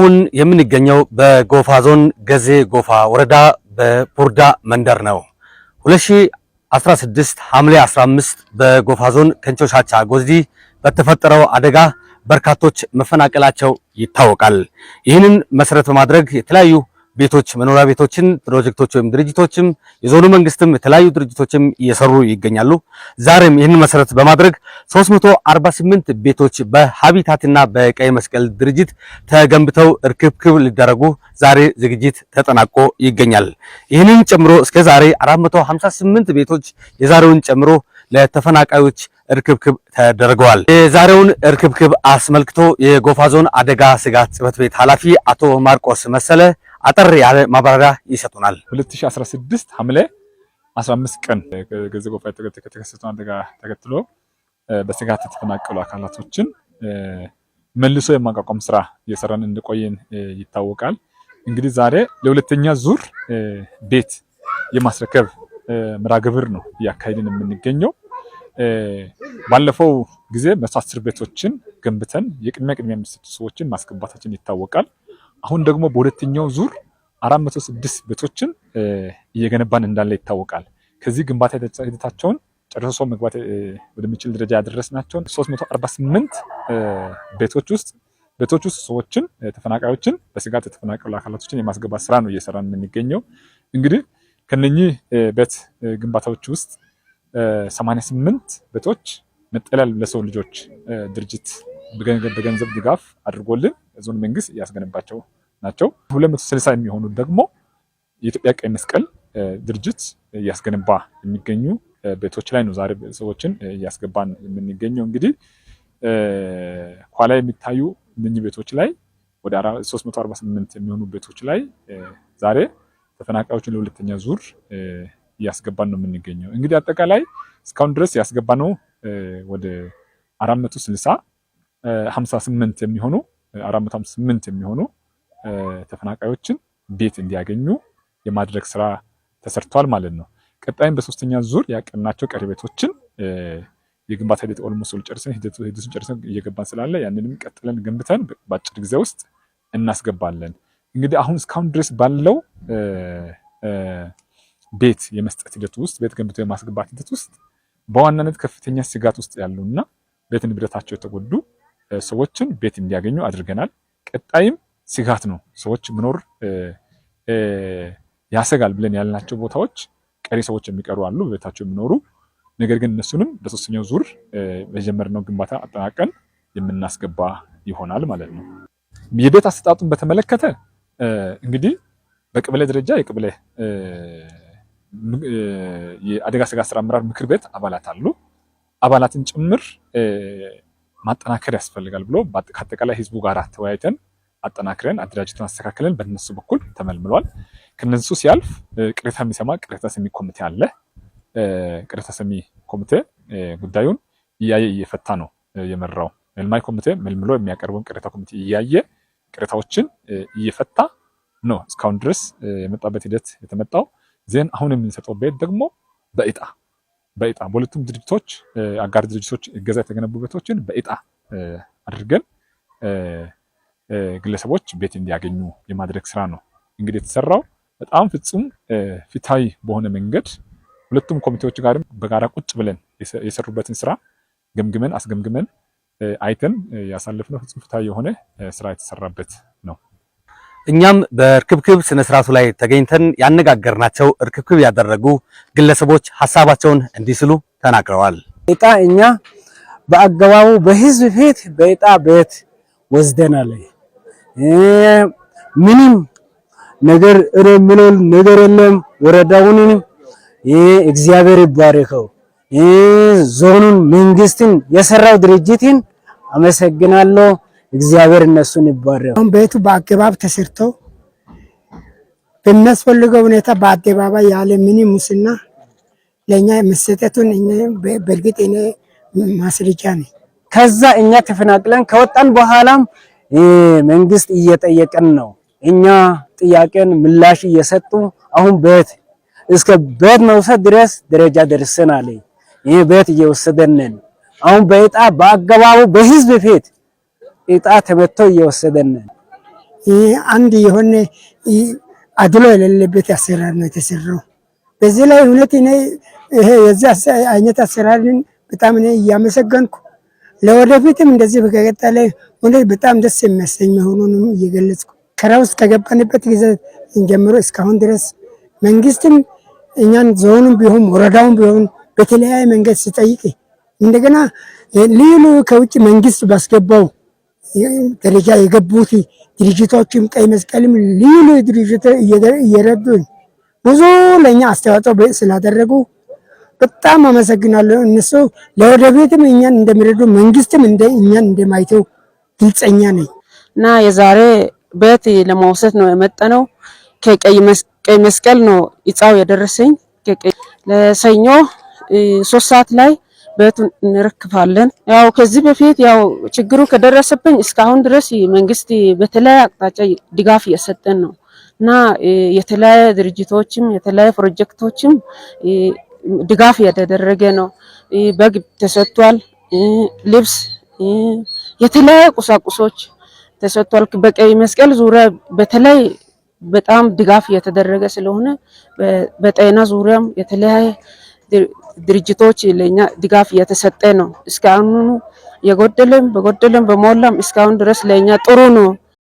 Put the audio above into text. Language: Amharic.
አሁን የምንገኘው በጎፋ ዞን ገዜ ጎፋ ወረዳ በፖርዳ መንደር ነው። 2016 ሐምሌ 15 በጎፋ ዞን ከንቾ ሻቻ ጎዝዲ በተፈጠረው አደጋ በርካቶች መፈናቀላቸው ይታወቃል። ይህንን መሰረት በማድረግ የተለያዩ ቤቶች መኖሪያ ቤቶችን ፕሮጀክቶች ወይም ድርጅቶችም የዞኑ መንግስትም የተለያዩ ድርጅቶችም እየሰሩ ይገኛሉ። ዛሬም ይህንን መሰረት በማድረግ 348 ቤቶች በሀቢታትና በቀይ መስቀል ድርጅት ተገንብተው እርክብክብ ሊደረጉ ዛሬ ዝግጅት ተጠናቆ ይገኛል። ይህንን ጨምሮ እስከ ዛሬ 458 ቤቶች የዛሬውን ጨምሮ ለተፈናቃዮች እርክብክብ ተደርገዋል። የዛሬውን እርክብክብ አስመልክቶ የጎፋ ዞን አደጋ ስጋት ጽህፈት ቤት ኃላፊ አቶ ማርቆስ መሰለ አጠር ያለ ማብራሪያ ይሰጡናል። 2016 ሐምሌ 15 ቀን ገዘጎ ከተከሰተው አደጋ ተከትሎ በስጋት የተፈናቀሉ አካላቶችን መልሶ የማቋቋም ስራ እየሰራን እንደቆየን ይታወቃል። እንግዲህ ዛሬ ለሁለተኛ ዙር ቤት የማስረከብ መርሃ ግብር ነው እያካሄድን የምንገኘው። ባለፈው ጊዜ መቶ አስር ቤቶችን ገንብተን የቅድሚያ ቅድሚያ የሚሰጡ ሰዎችን ማስገባታችን ይታወቃል። አሁን ደግሞ በሁለተኛው ዙር 406 ቤቶችን እየገነባን እንዳለ ይታወቃል። ከዚህ ግንባታ ሂደታቸውን ጨርሶ ሰው መግባት ወደሚችል ደረጃ ያደረስናቸውን 348 ቤቶች ውስጥ ቤቶች ውስጥ ሰዎችን ተፈናቃዮችን፣ በስጋት የተፈናቀሉ አካላቶችን የማስገባት ስራ ነው እየሰራን የምንገኘው። እንግዲህ ከነኚህ ቤት ግንባታዎች ውስጥ 88 ቤቶች መጠለል ለሰው ልጆች ድርጅት በገንዘብ ድጋፍ አድርጎልን ዞን መንግስት እያስገነባቸው ናቸው። 260 የሚሆኑ ደግሞ የኢትዮጵያ ቀይ መስቀል ድርጅት እያስገነባ የሚገኙ ቤቶች ላይ ነው ዛሬ ሰዎችን እያስገባን የምንገኘው። እንግዲህ ኋላ የሚታዩ እነኚህ ቤቶች ላይ ወደ 348 የሚሆኑ ቤቶች ላይ ዛሬ ተፈናቃዮችን ለሁለተኛ ዙር እያስገባን ነው የምንገኘው። እንግዲህ አጠቃላይ እስካሁን ድረስ ያስገባ ነው ወደ 460 58 የሚሆኑ 458 የሚሆኑ ተፈናቃዮችን ቤት እንዲያገኙ የማድረግ ስራ ተሰርቷል ማለት ነው። ቀጣይም በሶስተኛ ዙር ያቀናቸው ቀሪ ቤቶችን የግንባታ ሂደት ኦልሞስ ሁሉ ጨርሰን ሂደቱን ጨርሰን እየገባን ስላለ ያንንም ቀጥለን ገንብተን በአጭር ጊዜ ውስጥ እናስገባለን። እንግዲህ አሁን እስካሁን ድረስ ባለው ቤት የመስጠት ሂደት ውስጥ ቤት ገንብቶ የማስገባት ሂደት ውስጥ በዋናነት ከፍተኛ ስጋት ውስጥ ያሉና ቤት ንብረታቸው የተጎዱ ሰዎችን ቤት እንዲያገኙ አድርገናል። ቀጣይም ስጋት ነው ሰዎች መኖር ያሰጋል ብለን ያልናቸው ቦታዎች ቀሪ ሰዎች የሚቀሩ አሉ፣ በቤታቸው የሚኖሩ ነገር ግን እነሱንም በሶስተኛው ዙር በጀመርነው ግንባታ አጠናቀን የምናስገባ ይሆናል ማለት ነው። የቤት አሰጣጡን በተመለከተ እንግዲህ በቀበሌ ደረጃ የቀበሌ የአደጋ ስጋት ስራ አመራር ምክር ቤት አባላት አሉ። አባላትን ጭምር ማጠናከር ያስፈልጋል ብሎ ከአጠቃላይ ህዝቡ ጋር ተወያይተን አጠናክረን አደራጅተን አስተካክለን በነሱ በኩል ተመልምሏል። ከነሱ ሲያልፍ ቅሬታ የሚሰማ ቅሬታ ሰሚ ኮሚቴ አለ። ቅሬታ ሰሚ ኮሚቴ ጉዳዩን እያየ እየፈታ ነው የመራው። መልማይ ኮሚቴ መልምሎ የሚያቀርበውን ቅሬታ ኮሚቴ እያየ ቅሬታዎችን እየፈታ ነው እስካሁን ድረስ የመጣበት ሂደት የተመጣው ዜን አሁን የምንሰጠው ቤት ደግሞ በእጣ በኢጣ በሁለቱም ድርጅቶች አጋር ድርጅቶች እገዛ የተገነቡ ቤቶችን በእጣ አድርገን ግለሰቦች ቤት እንዲያገኙ የማድረግ ስራ ነው እንግዲህ የተሰራው። በጣም ፍጹም ፍትሃዊ በሆነ መንገድ ሁለቱም ኮሚቴዎች ጋርም በጋራ ቁጭ ብለን የሰሩበትን ስራ ገምግመን አስገምግመን አይተን ያሳለፍነው ፍጹም ፍትሃዊ የሆነ ስራ የተሰራበት ነው። እኛም በእርክብክብ ስነ ስርዓቱ ላይ ተገኝተን ያነጋገርናቸው እርክብክብ ያደረጉ ግለሰቦች ሀሳባቸውን እንዲህ ሲሉ ተናግረዋል። እጣ እኛ በአገባቡ በህዝብ ፊት በእጣ ቤት ወስደናል። ምንም ነገር እኔ የምለው ነገር የለም። ወረዳውን እግዚአብሔር ይባርከው፣ ዞኑን፣ መንግስትን፣ የሰራው ድርጅትን አመሰግናለሁ። እግዚአብሔር እነሱን ይባረክ። አሁን ቤቱ በአገባብ ተሰርቶ በሚያስፈልገው ሁኔታ በአደባባይ ያለ ምን ሙስና ለእኛ መሰጠቱን በእርግጥ እኔ ማስረጃ ነኝ። ከዛ እኛ ተፈናቅለን ከወጣን በኋላም መንግስት እየጠየቀን ነው። እኛ ጥያቄን ምላሽ እየሰጡ አሁን ቤት እስከ ቤት መውሰድ ድረስ ደረጃ ደርሰናል። ይህ ቤት እየወሰደንን አሁን በዕጣ በአገባቡ በህዝብ ፊት እጣ ተመቶ እየወሰደን አንድ የሆነ አድሎ የሌለበት አሰራር ነው የተሰራው። በዚህ ላይ እውነት እኔ ይሄ የዚህ አይነት አሰራርን በጣም እኔ እያመሰገንኩ ለወደፊትም እንደዚህ በቀጠለ እውነት በጣም ደስ የሚያሰኝ መሆኑንም እየገለጽኩ ከራ ውስጥ ከገባንበት ጊዜ ጀምሮ እስካሁን ድረስ መንግስትም እኛን ዞኑም ቢሆን ወረዳውም ቢሆን በተለያየ መንገድ ሲጠይቅ እንደገና ልዩ ልዩ ከውጭ መንግስት ባስገባው ደረጃ የገቡት ድርጅቶችም ቀይ መስቀልም ልዩ ልዩ ድርጅት እየረዱን ብዙ ለእኛ አስተዋጽኦ ስላደረጉ በጣም አመሰግናለሁ። እነሱ ለወደፊትም እኛን እንደሚረዱ መንግስትም እኛን እንደማይተው ግልጸኛ ነኝ እና የዛሬ ቤት ለመውሰድ ነው የመጠነው። ከቀይ መስቀል ነው እጻው የደረሰኝ። ለሰኞ ሶስት ሰዓት ላይ ቤቱን እንረክፋለን። ያው ከዚህ በፊት ያው ችግሩ ከደረሰብኝ እስካሁን ድረስ መንግስት በተለያየ አቅጣጫ ድጋፍ እየሰጠን ነው እና የተለያየ ድርጅቶችም የተለያየ ፕሮጀክቶችም ድጋፍ እየተደረገ ነው። በግ ተሰጥቷል፣ ልብስ፣ የተለያየ ቁሳቁሶች ተሰጥቷል። በቀይ መስቀል ዙሪያ በተለይ በጣም ድጋፍ እየተደረገ ስለሆነ በጤና ዙሪያም የተለያየ ድርጅቶች ለኛ ድጋፍ እየተሰጠ ነው። እስካሁኑ የጎደለም በጎደለም በሞላም እስካሁን ድረስ ለኛ ጥሩ ነው።